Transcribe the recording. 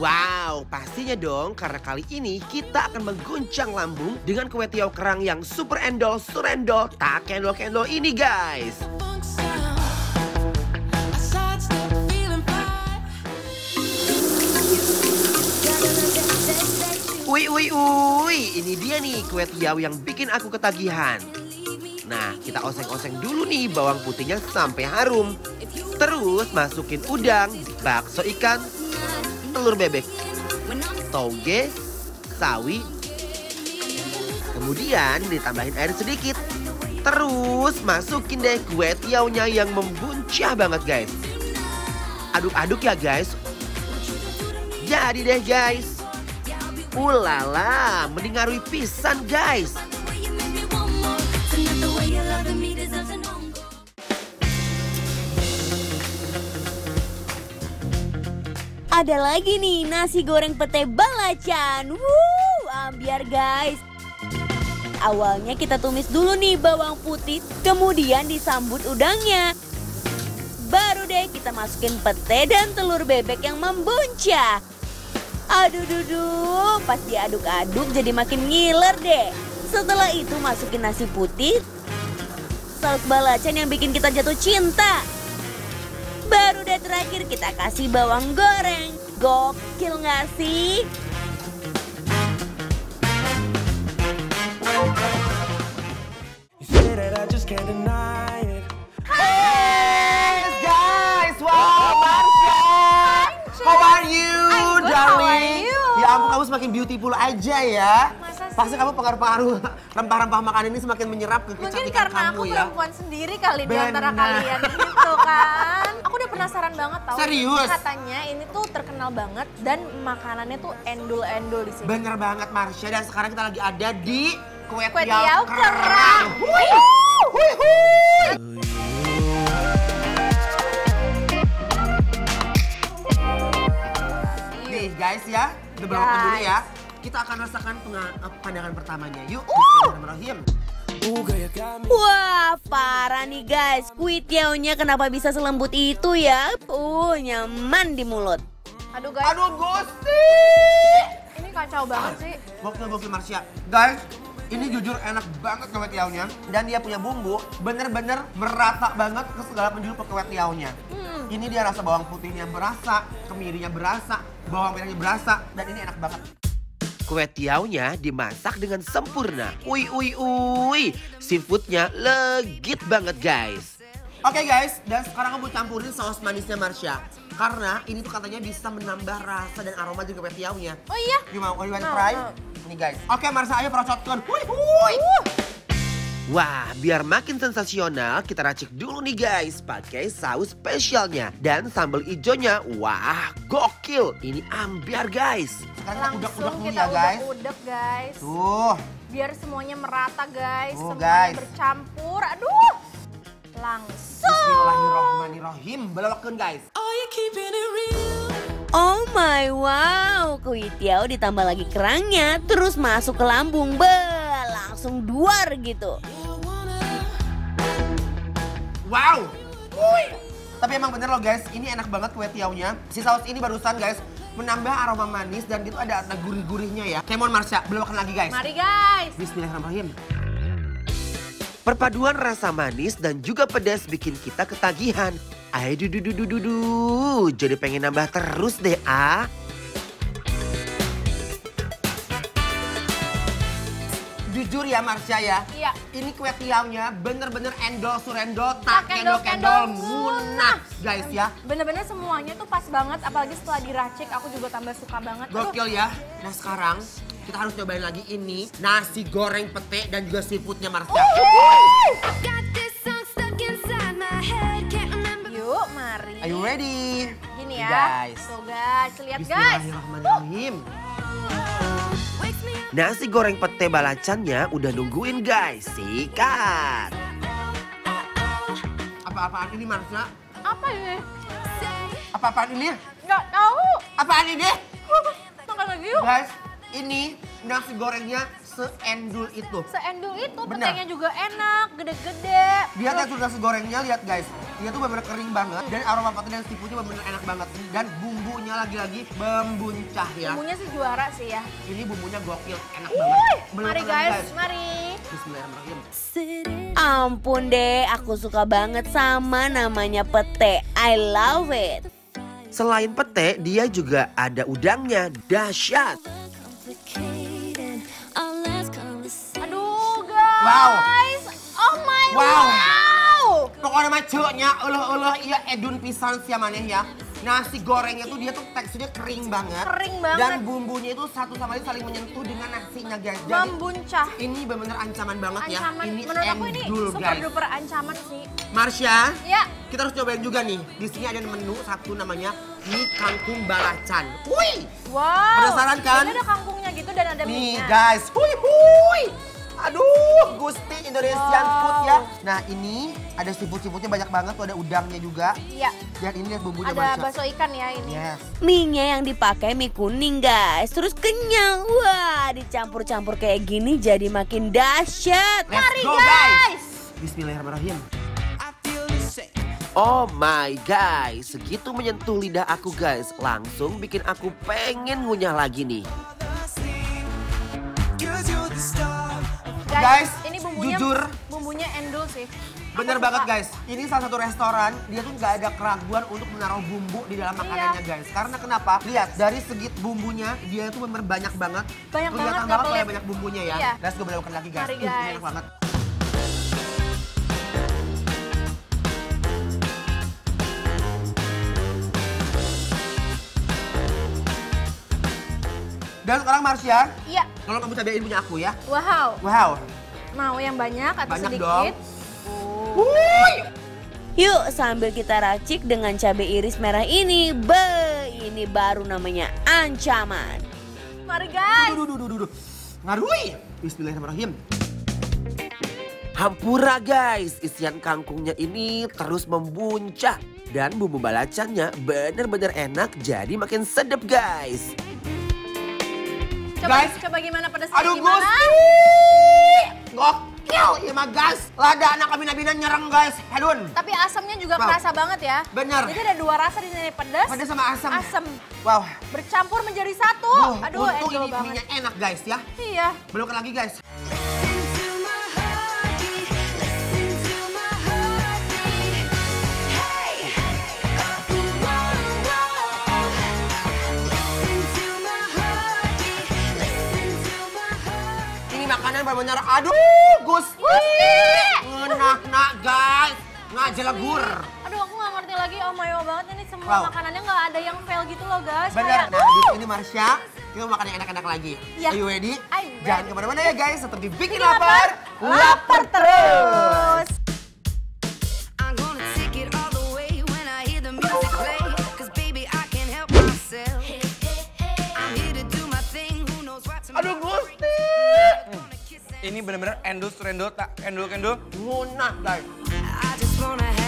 Wow, pastinya dong karena kali ini kita akan mengguncang lambung dengan kue tiaw kerang yang super endol, surendol, tak kendol-kendol ini guys. Ui, ui, ui, ini dia nih kue tiaw yang bikin aku ketagihan. Nah, kita oseng-oseng dulu nih bawang putihnya sampai harum. Terus masukin udang, bakso ikan, telur bebek, toge, sawi, kemudian ditambahin air sedikit. Terus masukin deh kue tiaunya yang membuncah banget guys. Aduk-aduk ya guys. Jadi deh guys. Ulala, mendengarui pisan guys. ada lagi nih nasi goreng pete balacan. Wuh, ambiar guys. Awalnya kita tumis dulu nih bawang putih, kemudian disambut udangnya. Baru deh kita masukin pete dan telur bebek yang membuncah. Aduh duh pas diaduk-aduk jadi makin ngiler deh. Setelah itu masukin nasi putih, saus balacan yang bikin kita jatuh cinta. Baru deh terakhir kita kasih bawang goreng. Gokil nggak sih? guys, how are you, darling? Ya ampun kamu semakin beautiful aja ya. Pasti kamu pengaruh-pengaruh rempah-rempah makanan ini semakin menyerap ke kecantikan Mungkin karena kamu, aku ya. perempuan sendiri kali Bener. di antara kalian gitu kan. Aku udah penasaran banget tau. Serius? Katanya ini tuh terkenal banget dan makanannya tuh endul-endul di sini. Bener banget Marsha dan sekarang kita lagi ada di Kue, Kue Tiaw Kerang. kerang. kita akan rasakan eh, pandangan pertamanya. Yuk, Bismillahirrahmanirrahim. Uh, Wah, parah nih guys. Kuit Kuitiaunya kenapa bisa selembut itu ya? Uh, nyaman di mulut. Aduh guys. Aduh gosip. Ini kacau banget sih. Gokil gokil Marsha. Guys, ini jujur enak banget kewetiaunya dan dia punya bumbu bener-bener merata banget ke segala penjuru kewetiaunya. Hmm. Ini dia rasa bawang putihnya berasa, kemirinya berasa, bawang merahnya berasa dan ini enak banget. Kue tiaunya dimasak dengan sempurna. Ui, ui, ui. Seafoodnya legit banget guys. Oke okay guys, dan sekarang aku mau campurin saus manisnya Marsha. Karena ini tuh katanya bisa menambah rasa dan aroma juga kue tiaunya. Oh iya? You mau, you want to try? Ini guys. Oke okay, Marsha, ayo perocotkan. Ui ui! Uh. Wah, biar makin sensasional, kita racik dulu nih guys. Pakai saus spesialnya dan sambal ijonya. Wah, gokil. Ini ambiar guys. Sekarang Langsung udah kita ya guys. Udah guys. Tuh. Biar semuanya merata guys. Tuh, semuanya guys. bercampur. Aduh. Langsung. Bismillahirrahmanirrahim. guys. Oh, Oh my wow, kuitiau ditambah lagi kerangnya terus masuk ke lambung, be langsung duar gitu. Wow. Uy. Tapi emang bener loh guys, ini enak banget kue tiaunya. Si saus ini barusan guys menambah aroma manis dan itu ada, ada gurih-gurihnya ya. Kemon Marsha, belum makan lagi guys. Mari guys. Bismillahirrahmanirrahim. Perpaduan rasa manis dan juga pedas bikin kita ketagihan. Ayo dudu dudu dudu, jadi pengen nambah terus deh ah. jujur ya Marsha ya. Iya. Ini kue tiaunya bener-bener endol surendol tak kendol kendol munah guys ya. Bener-bener semuanya tuh pas banget apalagi setelah diracik aku juga tambah suka banget. Gokil ya. Nah sekarang kita harus cobain lagi ini nasi goreng pete dan juga seafoodnya Marsha. Yuk mari. Are you ready? Gini ya. Guys. guys, lihat guys. Bismillahirrahmanirrahim. Uh. Nasi goreng pete balacannya udah nungguin guys, sikat. Apa-apaan ini Marsha? Apa ini? Apa-apaan ini? Gak tau. Apaan ini? Makan lagi yuk. Guys, ini nasi gorengnya seendul itu. Seendul itu, Bener. petenya juga enak, gede-gede. Lihat ya nasi gorengnya, lihat guys dia tuh benar-benar kering banget dan aroma petai dan seafoodnya benar-benar enak banget dan bumbunya lagi-lagi membuncah ya. Bumbunya sih juara sih ya. Ini bumbunya gokil, enak Wih, banget. Belum mari guys, guys, mari. Bismillahirrahmanirrahim. Ampun deh, aku suka banget sama namanya pete. I love it. Selain pete, dia juga ada udangnya. Dahsyat. Aduh, guys. Wow. Oh my wow. god orang macoknya uluh-uluh iya edun pisang siapa maneh ya. Nasi gorengnya tuh dia tuh teksturnya kering banget. Kering banget. Dan bumbunya itu satu sama lain saling menyentuh dengan nasinya guys. Jadi, Membuncah. Ini benar-benar ancaman banget ya. Ini menurut aku ini super guys. duper ancaman sih. Marsha. Ya. Kita harus cobain juga nih. Di sini ada menu satu namanya mie kangkung balacan. wih Wow. Penasaran kan? Ini ada kangkungnya gitu dan ada mie. Nih guys. wih wih Aduh, Gusti Indonesia wow ya. Nah ini ada seafood-seafoodnya banyak banget, tuh ada udangnya juga. Iya. Dan ini lihat bumbunya Ada bakso ikan ya ini. Yes. Mie-nya yang dipakai mie kuning guys, terus kenyang. Wah dicampur-campur kayak gini jadi makin dahsyat. Mari go, guys. guys. Bismillahirrahmanirrahim. Oh my guys, segitu menyentuh lidah aku guys, langsung bikin aku pengen ngunyah lagi nih. Guys, guys ini bumbunya jujur bumbunya endul sih. Bener Aku banget suka. guys, ini salah satu restoran, dia tuh nggak ada keraguan untuk menaruh bumbu di dalam iya. makanannya iya. guys. Karena kenapa? Lihat, dari segi bumbunya, dia tuh bener banyak banget. Banyak Kelihatan banget, banget banyak bumbunya ya. Iya. Let's go lagi guys. Mari guys. Uh, enak banget. Dan sekarang Marsha, iya. kalau kamu cobain punya aku ya. Wow. Wow. Mau yang banyak atau banyak sedikit? Dong. Wuih. Yuk sambil kita racik dengan cabai iris merah ini. Be, ini baru namanya ancaman. Mari guys. Duh, duh, duh, duh, duh. Ngarui. Bismillahirrahmanirrahim. Hampura guys, isian kangkungnya ini terus membuncah. Dan bumbu balacannya benar-benar enak jadi makin sedap guys. Coba, guys. coba gimana pedasnya Aduh, gimana? Gusti. Gokil ya mah guys. Lada anak nabi abina nyerang guys. Helun. Tapi asamnya juga wow. kerasa banget ya. Bener. Jadi ada dua rasa di sini pedas. Pedas sama asam. Asam. Wow. Bercampur menjadi satu. Aduh, untung ini banget. minyak enak guys ya. Iya. Belum lagi guys. sampai menyerah. Aduh, Gusti. enak nak guys. Nggak jelegur. Aduh, aku nggak ngerti lagi. Oh mayo banget ini semua wow. makanannya nggak ada yang fail gitu loh guys. Bener. Kayak, nah, uh. ini Marsha. Kita makan yang enak-enak lagi. Yeah. Are you ready? I'm ready. Jangan kemana-mana ya guys. Tetap dibikin Bikin, Lapar. Lapar, terus. Ini bener-bener endul endul tak endul endul, Munah, guys.